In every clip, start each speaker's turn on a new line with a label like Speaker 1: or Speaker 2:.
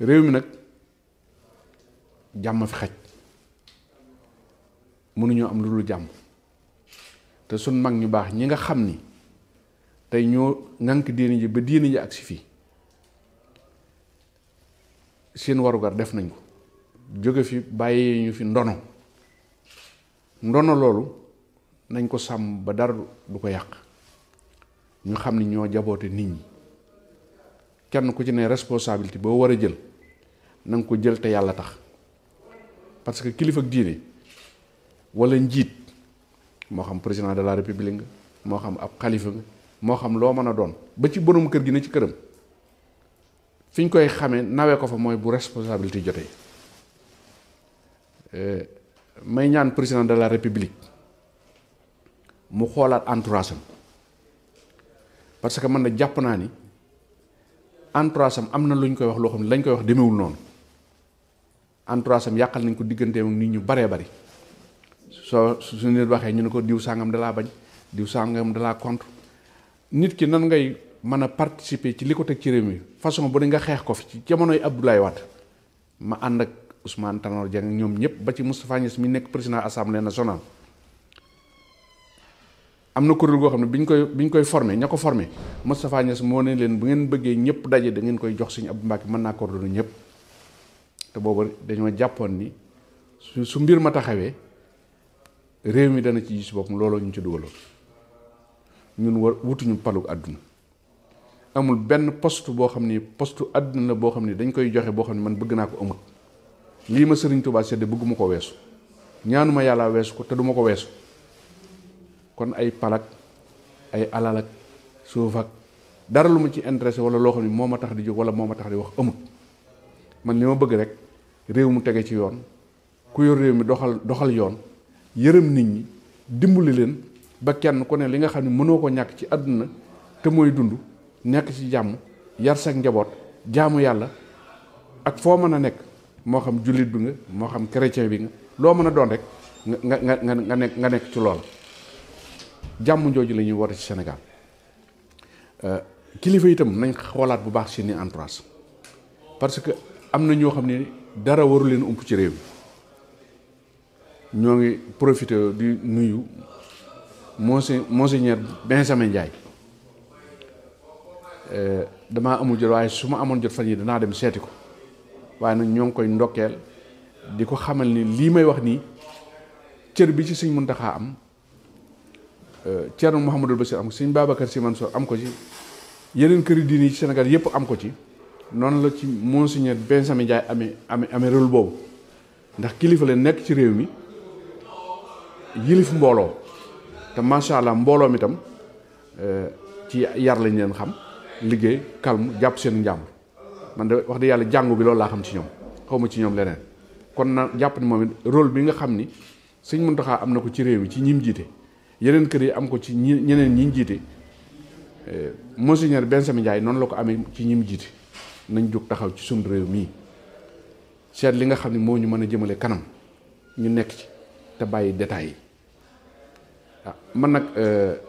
Speaker 1: réew mi nag jàmm fi xaj mënuñoo am lu dul jàmm te suñ mag ñu baax ñi nga xam ni tey ñoo ŋànk diini ji ba diini ji ak si fii seen warugar def nañ ko jóge fi bàyyi ñu fi ndono ndono loolu nañ ko sàmm ba dara du ko yàq ñu xam ni ñoo jaboote nit ñi kenn ku ci ne responsabilité bo wara jël nang ko jël te yalla tax parce que kilifa ak diiné wala njit mo xam président de la république nga mo xam ab khalifa nga mo xam lo meuna a doon ba ci borom kër gi ne ci këram fiñ koy xamé nawé ko fa moy bu responsabilité euh may ñaan président de la république mu xolaat entourage parce que man na japp na ni entourage am am na lu ñu koy wax loo xam ne lañ koy wax demewul noonu entourage am yàqal nañ ko digganteem ak nit ñu baree bari soo su nit waxee ñu ne ko diw sàngam dalaa bañ diw sàngam dalaa contre nit ki nan ngay mën a participer ci li ko teg ci réew mi façon bu ne nga xeex ko fi ci jamonoy Abdoulaye wat ma ànd ak Ousmane Tanor Dieng ñoom ñëpp ba ci Moustapha Niass mi nekk président assemblée nationale. am na kuréel goo xam ne bi ñu koy bi ñu ña ko formé Moustapha Niass moo ne leen bu ngeen bëggee ñëpp daje dangeen koy jox Sëriñ Abdou Mbacke mën naa ko coordonné ñëpp te boobu dañoo jàppoon ni su su mbir ma taxawee réew mi dana ci gis boppam looloo ñu ci dugaloon ñun war wutuñu palug àdduna amul benn poste boo xam ni postu àdduna la boo xam ni dañ koy joxe boo xam ne man bëgg naa ko amut lii ma Sëriñ Touba sedd bëgguma ko weesu ñaanuma yàlla weesu ko te duma ko weesu kon ay palak ay alal ak suuf ak dara lu mu ci intéressé wala loo xam ne moo ma tax di jóg wala moo ma tax di wax amut man li ma bëgg rek réew mu tege ci yoon ku yor réew mi doxal doxal yoon yërëm nit ñi dimbali leen ba kenn ku ne li nga xam ne mënoo ko ñàkk ci àdduna te mooy dund nekk ci jàmm yar sa njaboot jaamu yàlla ak foo mën a nekk moo xam jullit bi nga moo xam chrétien bi nga loo mën a doon rek nga nga nga nga nga nekk ci loolu jàmm jooju lañuy ñuy woote ci Sénégal euh, kilifa itam nañ xoolaat bu baax seeni entourage parce que am na ñoo xam ne dara waru leen ump ci réew ñoo ngi profité di nuyu monse monseigneur Benjamin Ndiaye euh, damaa amul jot waaye su ma amoon jot fan yi danaa dem seeti ko waaye nag ñoo ngi koy ndokkeel di ko xamal ni lii may wax nii cër bi ci sëñ Muntaxa am Euh, Thierno Mouhamadul si am ko sëñ si man soo am ko ci yeneen këri diine yi ci Sénégal yëpp am ko ci noonu la ci moom monseigneur Benjamin Ndiaye amee amee amee rôle boobu ndax kilifa leen nekk ci réew mi yilif mbooloo te macha allah mbooloo mi tam euh, ci yar lañ leen xam liggéey kalmu jàpp seen njàmm man de wax dëgg yàlla jàngu bi loolu laa xam ci ñoom xaw ma ci ñoom leneen kon na jàpp ni moom it rôle bi nga xam ni sëñ Mountakha am na ko ci réew mi ci ñim jiite. yeneen kër yi am ko ci ñi ñeneen ñi ñu jiite benn eh, Benjamin Ndiaye noonu la ko amee ci ñi mu jiite nañ jóg taxaw ci suñu réew mii seet li nga xam ne moo ñu mën a jëmale kanam ñu nekk ci te bàyyi détails yi ah, man nag eh,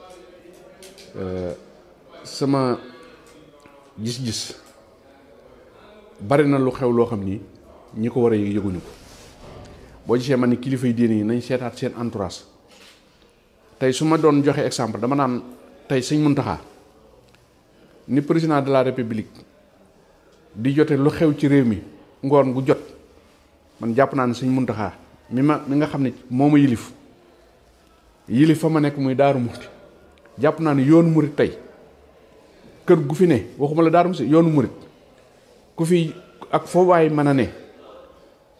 Speaker 1: eh, sama gis-gis bari na lu xew loo xam ni ñi ko war a yëg yëguñu ko boo gisee man ni kilifa yi diine yi nañ seetaat seen entourage. tey suma don doon joxe exemple dama naan tey sëñ Muntaxa ni président de la république di jote lu xew ci réew mi ngoon gu jot man japp naa ne sëñ Muntaxa mi ma mi nga xamni moma yilif yilif fa ma nek muy daru murit japp naa ne yoonu murit tey kër gu fi ne waxuma la daru murit Kufi ku fi ak fo way ne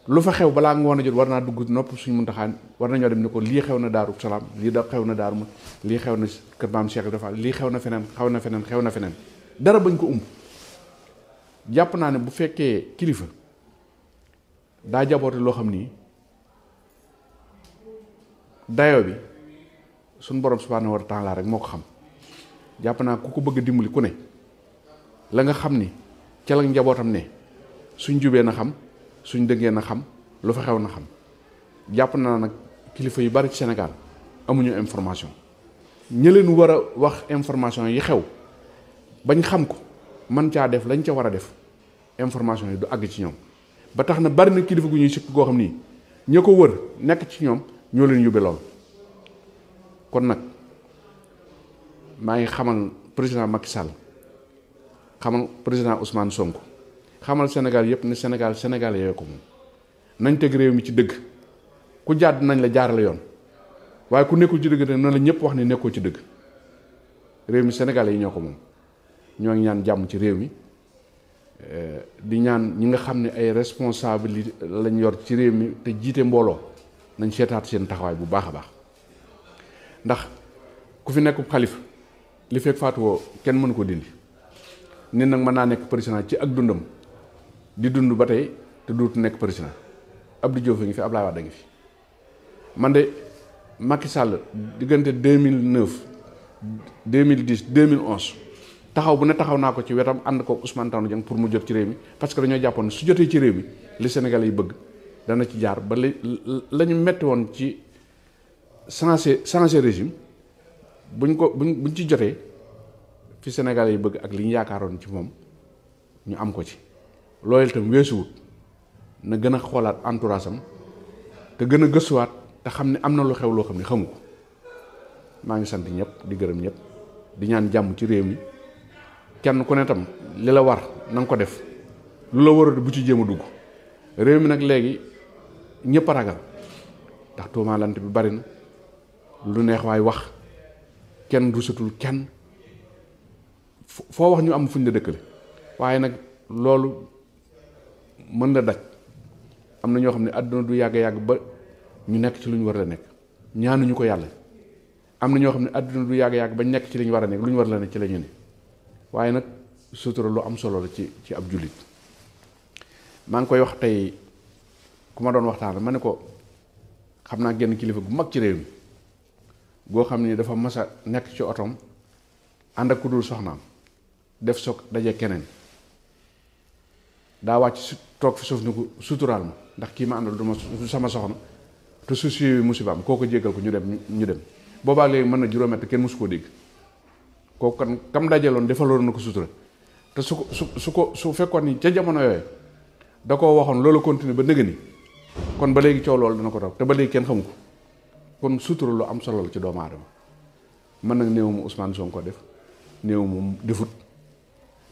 Speaker 1: lu fa xew bala ngona warna jot warna naa dugg nopp suñ muntaxaan warna ñoo dem ni ko li xew na daru salam li da xew na daru li xew na keur maam Cheikh dafa li xew na fenen xew na fenen xew na fenen dara bañ ko umb japp na ne bu fekke kilifa da jaboote lo xamni dayo bi sun borom subhanahu wa taala rek moko xam japp na ku ko bëgg dimbali ku ne la nga xamni ni la ne suñ jubé na xam suñ dëggee na xam lu fa xew na xam jàpp naa nag kilifa yu bari ci Sénégal amuñu information ñi leen war a wax information yi xew bañ xam ko man caa def lañ ca war a def information yi du àgg ci ñoom ba tax na bari na kilifa gu ñuy sikk goo xam nii ña ko wër nekk ci ñoom ñoo leen yóbbe lool kon nag maa ngi xamal président Macky Sall xamal président Ousmane Sonko xamal Sénégal yëpp ne Sénégal Sénégal yooyu ko moom nañ teg réew mi ci dëgg ku jàdd nañ la jaarale yoon waaye ku nekkul ci dëgg te na la ñëpp wax ni nekkoo ci dëgg réew mi Sénégal yi ñoo ko moom ñoo ngi ñaan jàmm ci réew mi eh, di ñaan ñi nga xam ne ay responsabilité lañ yor ci réew mi te jiite mbooloo nañ seetaat seen taxawaay bu baax a baax ndax ku fi nekk xalif li fekk faatuwoo kenn mënu ko dindi nit nag mën naa nekk président ci ak dundam di dund ba tey te dootu nekk président Abdou Diouf a ngi fi Abdoulaye Wade a ngi fi man de Macky Sall diggante deux mille mille 2009 2010 2011 taxaw bu ne taxaw naa ko ci wetam ànd ko Ousmane Tanor Dieng pour mu jot ci réew mi parce que dañoo jàppoon su jotee ci réew mi li Sénégalais yi bëgg dana ci jaar ba lañu la metti woon ci changer changer résime buñ ko buñ buñ ci jotee fi Sénégalais yi bëgg ak li ñu yaakaaroon ci moom ñu am ko ci. loyal itam weesuwut na gëna xolaat entourage am te gëna a gëstuwaat te xamni amna lu xew lo xamni xamuko ma ngi sant ñep di gërëm ñep di ñaan jamm ci réew mi kenn ku ne tam li la war nang ko def lu la wara bu ci jëma réew mi nak légui ñepp ragal tax bi bari na lu neex way wax kenn rusatul kenn fo wax ñu am fuñu dekkale waye nak mën na daj am na ñoo xam ne àdduna du yàgg yàgg ba ñu nekk ci lu ñu war la nekk ñaanu ñu ko yàlla am na ñoo xam ne àdduna du yàgg yàgg ba nekk ci li ñu war a nekk lu ñu war la nekk ci la ne waaye nag sutura lu am solo la ci ci ab jullit maa ngi koy wax tey ku ma doon waxtaan ma ne ko xam naa genn kilifa gu mag ci réew mi goo xam ne dafa masa nekk ci otom ànd ak ku soxnaam def soog daje keneen. da wacc tok fi suuf ni ma ndax ki ma andal du sama soxna to su suy musibaam koko jegal ko ñu dem ñu dem boba léegi mën na juróomet ken musuko deg ko kan kam jalon defalon nako sutura te su su su ko su fekkoon ni ca jamono yoy da ko waxon lolu continue ba nëgëni kon ba legi ci lolu dana ko raw te ba legi ken xamuko kon sutura lu am solo ci doomu adam man nak néew mu Ousmane Sonko def néew mu defut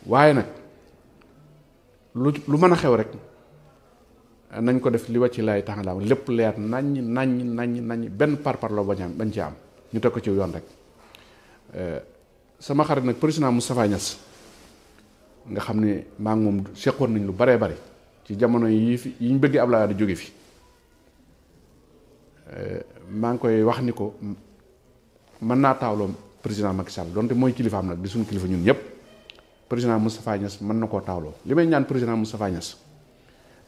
Speaker 1: waye nak lu lu mën xew rek nañ ko def li wàcc lay taxalaam lepp leer nañ nañ nañ nañ ben par par lo bañam bañ ci am ñu teg ko ci yoon rek eh, sama xarit nak president Moustapha Niass nga xam ma maa ngi moom seqoon nañ lu bare bare ci jamono yi fi yi ñu bëggee di joggé fi eh, ma ngi koy wax ni ko man na taawloo president Macky Sall donte kilifa am nak di sun kilifa ñun président Moustapha Niass mën nako tawlo limay ñaan président Moustapha Niass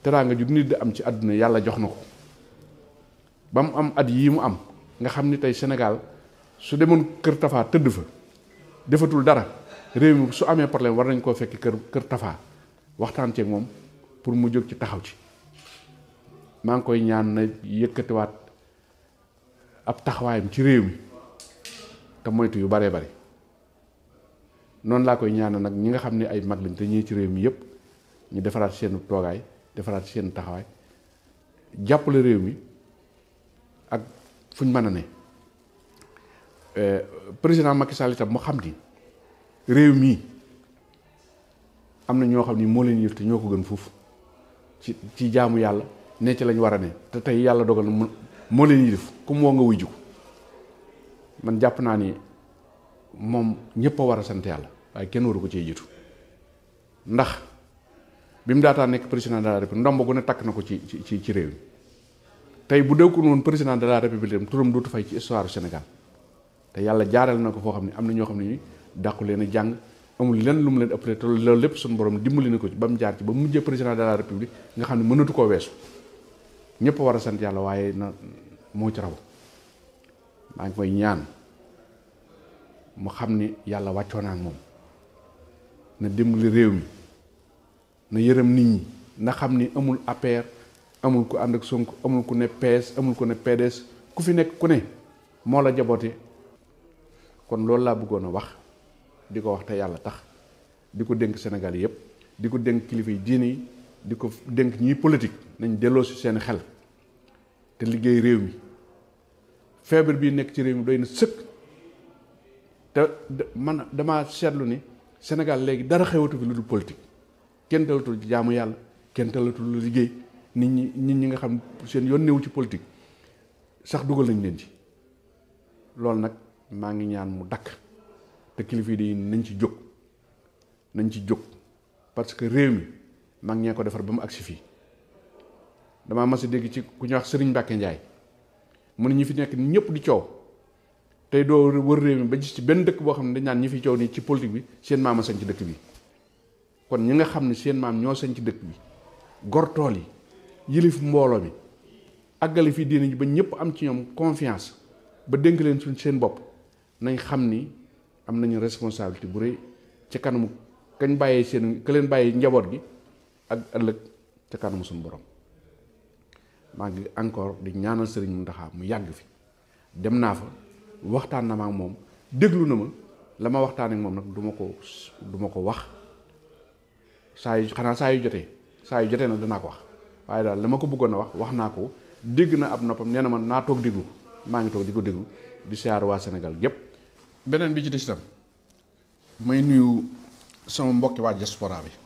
Speaker 1: teraanga ju nit am ci aduna yalla jox nako bam am ad yi mu am nga xamni tay tey Sénégal su demon kër Tafa teud fa defatul dara réew mi su amé problème war nañ ko fekk kër kër Tafa waxtaan ci mom pour mu jog ci taxaw ci ma ng koy ñaan na waat ab taxawaayam ci réew mi te moytu yu bare bare noonu laa koy ñaanal nag ñi nga xam ne ay mag lañ te ñii ci réew mi yëpp ñu defaraat seen toogaay defaraat seen taxawaay jàppale réew mi ak fuñ mën a ne euh, président Macky Sall itam mu xam ni réew mii am na ñoo xam ni moo leen yëf te ñoo ko gën fuuf ci ci jaamu yàlla ne ci lañ war a ne te tey yàlla dogal na moo leen yilif ku moo nga wujju man jàpp naa ni moom ñëpp a war a sant yàlla waaye kenn waru ko cee jiitu ndax bi mu daataa nekk président de la république ndomb gu ne takk na ko ci ci ci réew mi tey bu dëkkul woon président de la république turam dootu fay ci histoire Sénégal te yàlla jaareel na ko foo xam ne am na ñoo xam ne dàqu leen a jàng amul lenn lu mu leen ëppale te loolu lépp suñu borom dimbali ne ko ci ba mu jaar ci ba mu mujjee président de la république nga xam ne mënatu koo weesu ñëpp war a sant yàlla waaye na moo ci raw maa ngi koy ñaan. mu xam ni yàlla wàccoo naa moom na dimbali réew mi na yërëm nit ñi na xam ni amul APR amul ku ànd ak Sonko amul ku ne PS amul ku ne PDS ku fi nekk ku ne moo la jaboote kon loolu laa bëggoon a wax di ko wax te yàlla tax di ko dénk senegal yëpp di ko dénk kilifa yi diine di ko dénk ñii politique nañ delloo si seen xel te liggéey réew mi feebar bii nekk ci réew mi doy na sëkk. te man dama setlu ni senegal legi dara xewatu fi lu politique kenn talatul jaamu yalla kenn talatul lu liggey nit ñi nit ñi nga xam seen yoon néew ci politique sax duggal nañ leen ci lool nak maa ngi ñaan mu dakk te kilifi di nañ ci jóg nañ ci jóg parce que réew mi ngi ñee ko defar ba mu agsi fii ci ku ñu wax sëriñ mbacke Njaay mu ne fi nekk ñëpp di coow tey doo wër réew mi ba gis ci benn dëkk boo xam ne dañ naan ñi fi coow nii ci politique bi seen maam a sañ ci dëkk bi kon ñi nga xam ne seen maam ñoo sañ ci dëkk bi gortool yi yilif mbooloo mi àggali fii diine ji ba ñëpp am ci ñoom confiance ba dénk leen suñ seen bopp nañ xam ni am nañu responsabilité bu rëy ci kanamu kañ bàyyee seen ka leen bàyyee njaboot gi ak ëllëg ca kanamu suñ boroom maa ngi encore di ñaanal sëriñ Mountakha mu yàgg fi dem naa fa. waxtaan na ma moom déglu na ma la ma waxtaan moom nag du ma ko du ma ko wax saa yu xanaa saa yu jotee saa yu jotee nag danaa ko wax waaye daal la ma ko bëggoon a wax wax naa ko dégg na ab noppam nee na man naa toog déglu maa ngi toog di ko déglu di siyaar waa Sénégal gépp beneen bi ci des itam may nuyu sama mbokki waa diaspora bi